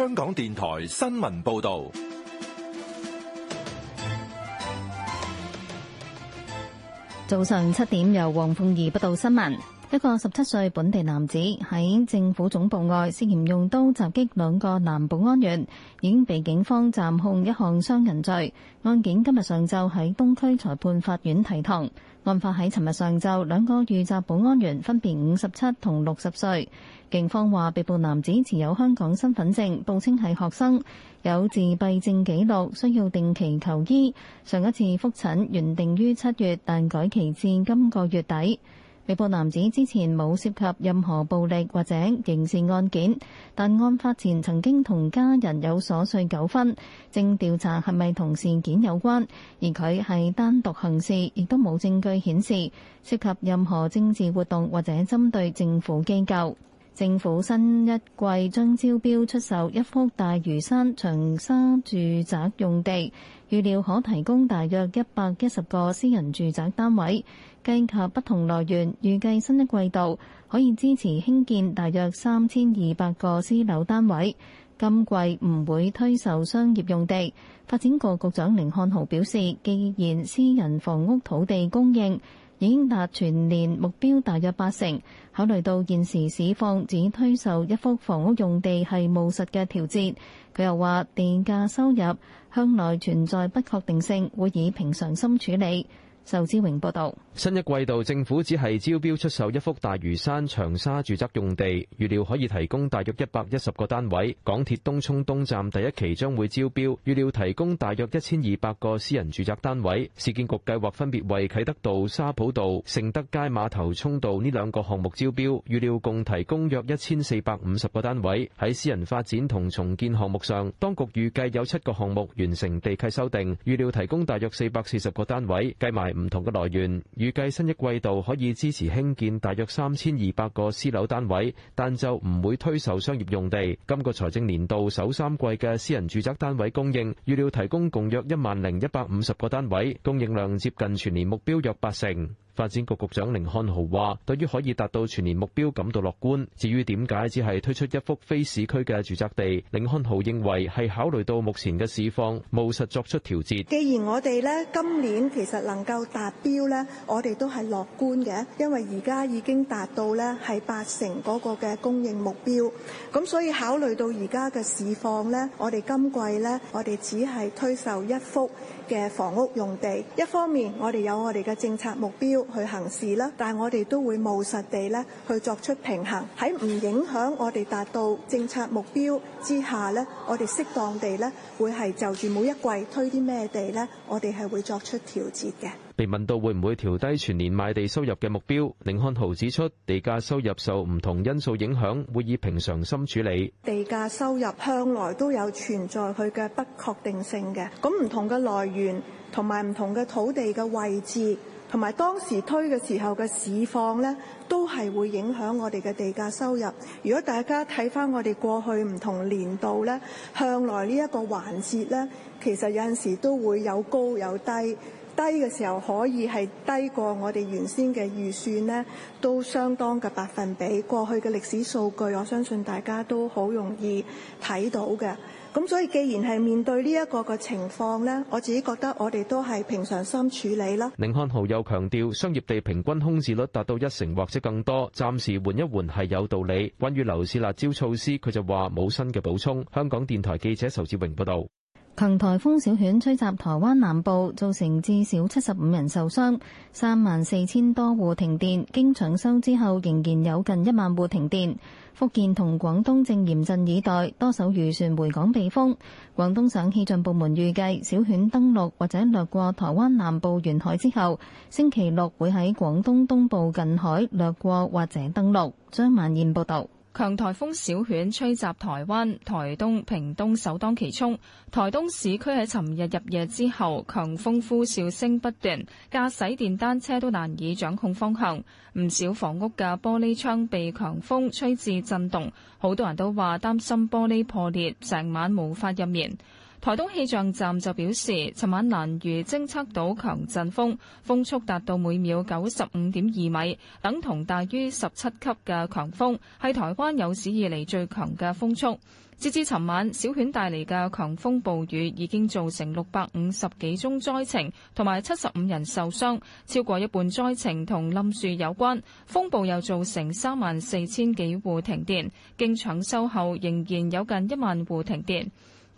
香港電台新聞報道，早上七點由黃鳳儀報道新聞。一個十七歲本地男子喺政府總部外涉嫌用刀襲擊兩個男保安員，已經被警方暫控一項傷人罪。案件今日上晝喺東區裁判法院提堂。案發喺尋日上晝，兩個遇襲保安員分別五十七同六十歲。警方話被捕男子持有香港身份證，報稱係學生，有自閉症紀錄，需要定期求醫。上一次覆診原定於七月，但改期至今個月底。被捕男子之前冇涉及任何暴力或者刑事案件，但案發前曾經同家人有瑣碎糾紛，正調查係咪同事件有關。而佢係單獨行事，亦都冇證據顯示涉及任何政治活動或者針對政府機構。政府新一季將招標出售一幅大嶼山長沙住宅用地，預料可提供大約一百一十個私人住宅單位。計及不同來源，預計新一季度可以支持興建大約三千二百個私樓單位。今季唔會推售商業用地。發展局局長甯漢豪表示，既然私人房屋土地供應已經達全年目標大約八成，考慮到現時市況，只推售一幅房屋用地係務實嘅調節。佢又話，地價收入向來存在不確定性，會以平常心處理。仇志榮報道：新一季度政府只係招標出售一幅大嶼山長沙住宅用地，預料可以提供大約一百一十個單位。港鐵東涌東站第一期將會招標，預料提供大約一千二百個私人住宅單位。市建局計劃分別為啟德道、沙浦道、盛德街、馬頭涌道呢兩個項目招標，預料共提供約一千四百五十個單位。喺私人發展同重建項目上，當局預計有七個項目完成地契修訂，預料提供大約四百四十個單位，計埋唔同嘅來源，預計新一季度可以支持興建大約三千二百個私樓單位，但就唔會推售商業用地。今個財政年度首三季嘅私人住宅單位供應，預料提供共約一萬零一百五十個單位，供應量接近全年目標約八成。發展局局長甯漢豪話，對於可以達到全年目標感到樂觀。至於點解，只係推出一幅非市區嘅住宅地。甯漢豪認為係考慮到目前嘅市況，務實作出調節。既然我哋呢今年其實能夠達標呢，我哋都係樂觀嘅，因為而家已經達到呢係八成嗰個嘅供應目標。咁所以考慮到而家嘅市況呢，我哋今季呢，我哋只係推售一幅嘅房屋用地。一方面，我哋有我哋嘅政策目標，去行事啦，但係我哋都會務實地咧去作出平衡，喺唔影響我哋達到政策目標之下咧，我哋適當地咧會係就住每一季推啲咩地咧，我哋係會作出調節嘅。被問到會唔會調低全年賣地收入嘅目標，寧漢豪指出地價收入受唔同因素影響，會以平常心處理，地價收入向來都有存在佢嘅不確定性嘅。咁唔同嘅來源同埋唔同嘅土地嘅位置。同埋當時推嘅時候嘅市況呢，都係會影響我哋嘅地價收入。如果大家睇返我哋過去唔同年度呢，向來呢一個環節呢，其實有陣時都會有高有低，低嘅時候可以係低過我哋原先嘅預算呢，都相當嘅百分比。過去嘅歷史數據，我相信大家都好容易睇到嘅。咁所以，既然係面對呢一個嘅情況咧，我自己覺得我哋都係平常心處理啦。寧漢豪又強調商業地平均空置率達到一成或者更多，暫時緩一緩係有道理。關於樓市辣招措施，佢就話冇新嘅補充。香港電台記者仇志榮報道。強台風小犬吹襲台灣南部，造成至少七十五人受傷，三萬四千多戶停電，經搶修之後仍然有近一萬戶停電。福建同廣東正嚴陣以待，多艘漁船回港避風，廣東省氣象部門預計小犬登陸或者掠過台灣南部沿海之後，星期六會喺廣東東部近海掠過或者登陸，張萬燕報道。強颱風小犬吹襲台灣，台東、屏東首當其衝。台東市區喺尋日入夜之後，強風呼嘯聲不斷，駕駛電單車都難以掌控方向。唔少房屋嘅玻璃窗被強風吹至震動，好多人都話擔心玻璃破裂，成晚無法入眠。台東氣象站就表示，尋晚蘭嶼偵測到強陣風，風速達到每秒九十五點二米，等同大於十七級嘅強風，係台灣有史以嚟最強嘅風速。截至尋晚，小犬帶嚟嘅強風暴雨已經造成六百五十幾宗災情，同埋七十五人受傷，超過一半災情同冧樹有關。風暴又造成三萬四千幾戶停電，經搶修後仍然有近一萬戶停電。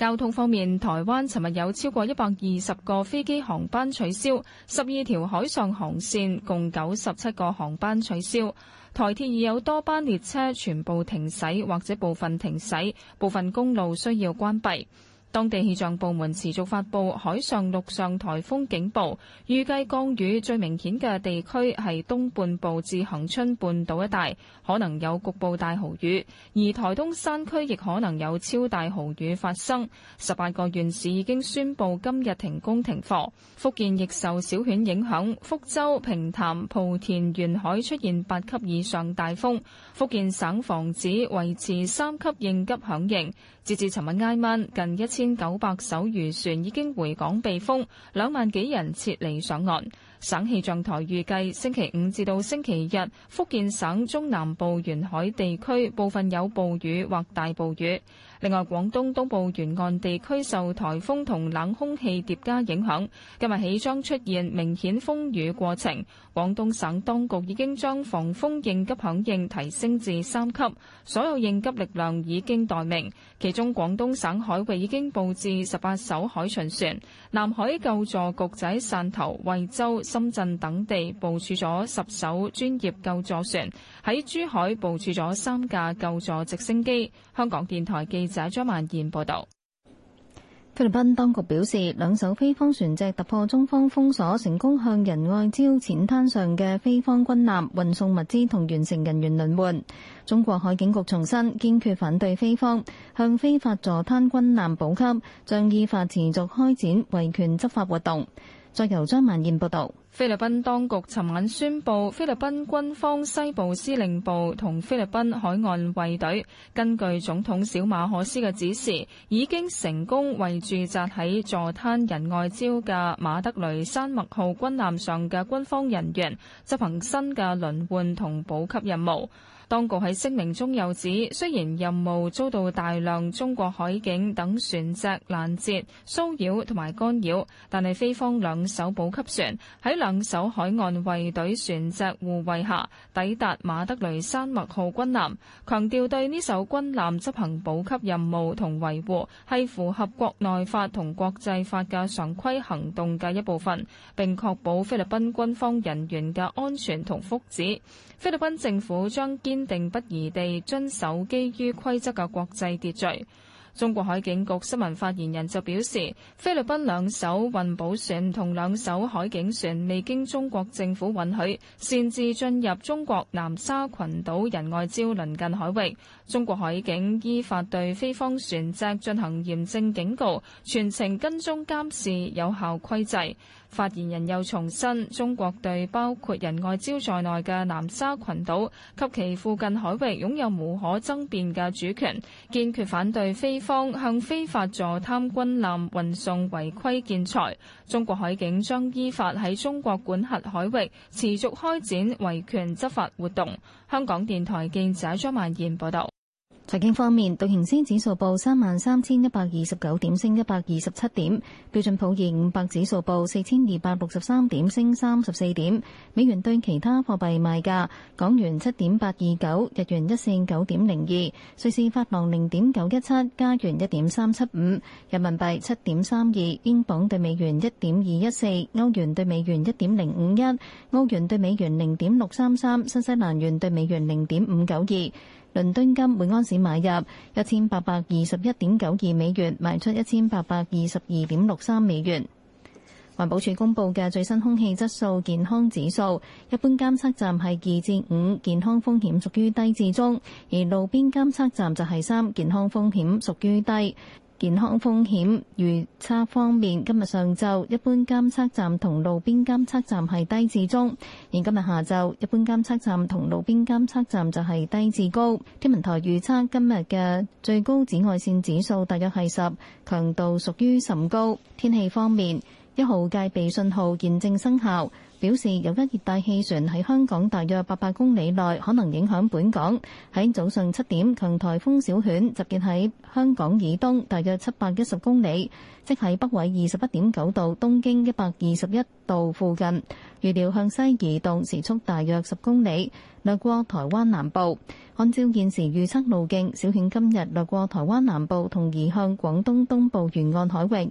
交通方面，台灣尋日有超過一百二十個飛機航班取消，十二條海上航線共九十七個航班取消。台鐵已有多班列車全部停駛或者部分停駛，部分公路需要關閉。當地氣象部門持續發佈海上陸上颱風警報，預計降雨最明顯嘅地區係東半部至恒春半島一帶，可能有局部大豪雨；而台東山區亦可能有超大豪雨發生。十八個縣市已經宣布今日停工停課。福建亦受小犬影響，福州、平潭、莆田、沿海出現八級以上大風，福建省防指維持三級應急響應。截至尋日挨晚，近一千。近九百艘漁船，船已經回港避風，兩萬幾人撤離上岸。省氣象台預計，星期五至到星期日，福建省中南部沿海地區部分有暴雨或大暴雨。另外，廣東東部沿岸地區受颱風同冷空氣疊加影響，今日起將出現明顯風雨過程。廣東省當局已經將防風應急響應提升至三級，所有應急力量已經待命。其中，廣東省海域已經佈置十八艘海巡船，南海救助局仔、汕頭、惠州、深圳等地部署咗十艘專業救助船，喺珠海部署咗三架救助直升機。香港電台記者。記者張曼燕報道，菲律賓當局表示，兩艘菲方船隻突破中方封鎖，成功向仁愛礁淺灘上嘅菲方軍艦運送物資同完成人員輪換。中國海警局重申，堅決反對菲方向非法坐灘軍艦補給，將依法持續開展維權執法活動。再由張曼燕報道，菲律賓當局尋晚宣布，菲律賓軍方西部司令部同菲律賓海岸衛隊，根據總統小馬可斯嘅指示，已經成功為駐紮喺坐灘仁愛礁嘅馬德雷山脈號軍艦上嘅軍方人員執行新嘅輪換同補給任務。當局喺聲明中又指，雖然任務遭到大量中國海警等船隻攔截、騷擾同埋干擾，但係菲方兩艘補給船喺兩艘海岸衛隊船隻護衛下抵達馬德雷山脈號軍艦，強調對呢艘軍艦執行補給任務同維護係符合國內法同國際法嘅常規行動嘅一部分，並確保菲律賓軍方人員嘅安全同福祉。菲律賓政府將堅堅定不移地遵守基於規則嘅國際秩序。中國海警局新聞發言人就表示，菲律賓兩艘運補船同兩艘海警船未經中國政府允許，擅自進入中國南沙群島仁愛礁鄰近海域。中國海警依法對菲方船隻進行嚴正警告，全程跟蹤監視，有效規制。發言人又重申，中國對包括仁愛礁在內嘅南沙群島及其附近海域擁有無可爭辯嘅主權，堅決反對菲。方向非法助貪軍艦運送違規建材，中國海警將依法喺中國管轄海域持續開展維權執法活動。香港電台記者張萬燕報道。財經方面，道瓊斯指數報三萬三千一百二十九點，升一百二十七點；標準普爾五百指數報四千二百六十三點，升三十四點。美元對其他貨幣賣價，港元七點八二九，日元一四九點零二，瑞士法郎零點九一七，加元一點三七五，人民幣七點三二，英鎊對美元一點二一四，歐元對美元一點零五一，澳元對美元零點六三三，新西蘭元對美元零點五九二。倫敦金每安士買入一千八百二十一點九二美元，賣出一千八百二十二點六三美元。環保署公布嘅最新空氣質素健康指數，一般監測站係二至五，健康風險屬於低至中；而路邊監測站就係三，健康風險屬於低。健康風險預測方面，今日上晝一般監測站同路邊監測站係低至中，而今日下晝一般監測站同路邊監測站就係低至高。天文台預測今日嘅最高紫外線指數大約係十，強度屬於甚高。天氣方面，一號戒備信號現正生效。表示有一熱帶氣旋喺香港大約八百公里內可能影響本港。喺早上七點，強颱風小犬集結喺香港以東大約七百一十公里，即係北緯二十一點九度、東經一百二十一度附近。預料向西移動，時速大約十公里，略過台灣南部。按照現時預測路徑，小犬今日略過台灣南部，同移向廣東東部沿岸海域。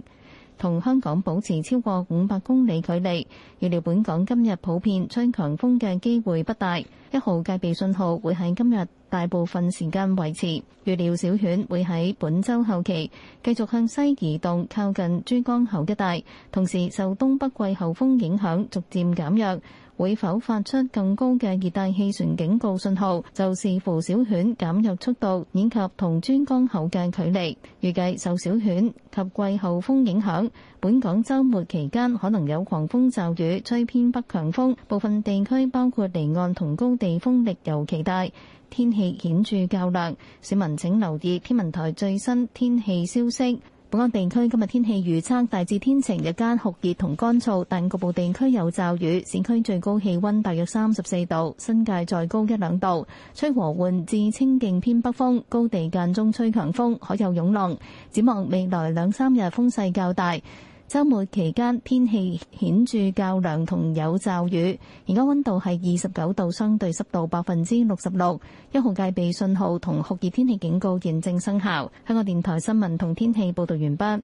同香港保持超過五百公里距離，預料本港今日普遍吹強風嘅機會不大，一號戒備信號會喺今日大部分時間維持。預料小犬會喺本周後期繼續向西移動，靠近珠江口一帶，同時受東北季候風影響逐漸減弱。會否發出更高嘅熱帶氣旋警告信號，就視乎小犬減弱速度以及同珠江口嘅距離。預計受小犬及季候風影響，本港周末期間可能有狂風驟雨，吹偏北強風，部分地區包括離岸同高地風力尤其大，天氣顯著較涼。市民請留意天文台最新天氣消息。本港地區今日天氣預測，大致天晴，日間酷熱同乾燥，但局部地區有驟雨。市區最高氣温大約三十四度，新界再高一兩度。吹和緩至清勁偏北風，高地間中吹強風，海有湧浪。展望未來兩三日風勢較大。周末期間天氣顯著較涼同有驟雨，而家温度係二十九度，相對濕度百分之六十六，一號戒備信號同酷熱天氣警告現正生效。香港電台新聞同天氣報導完畢。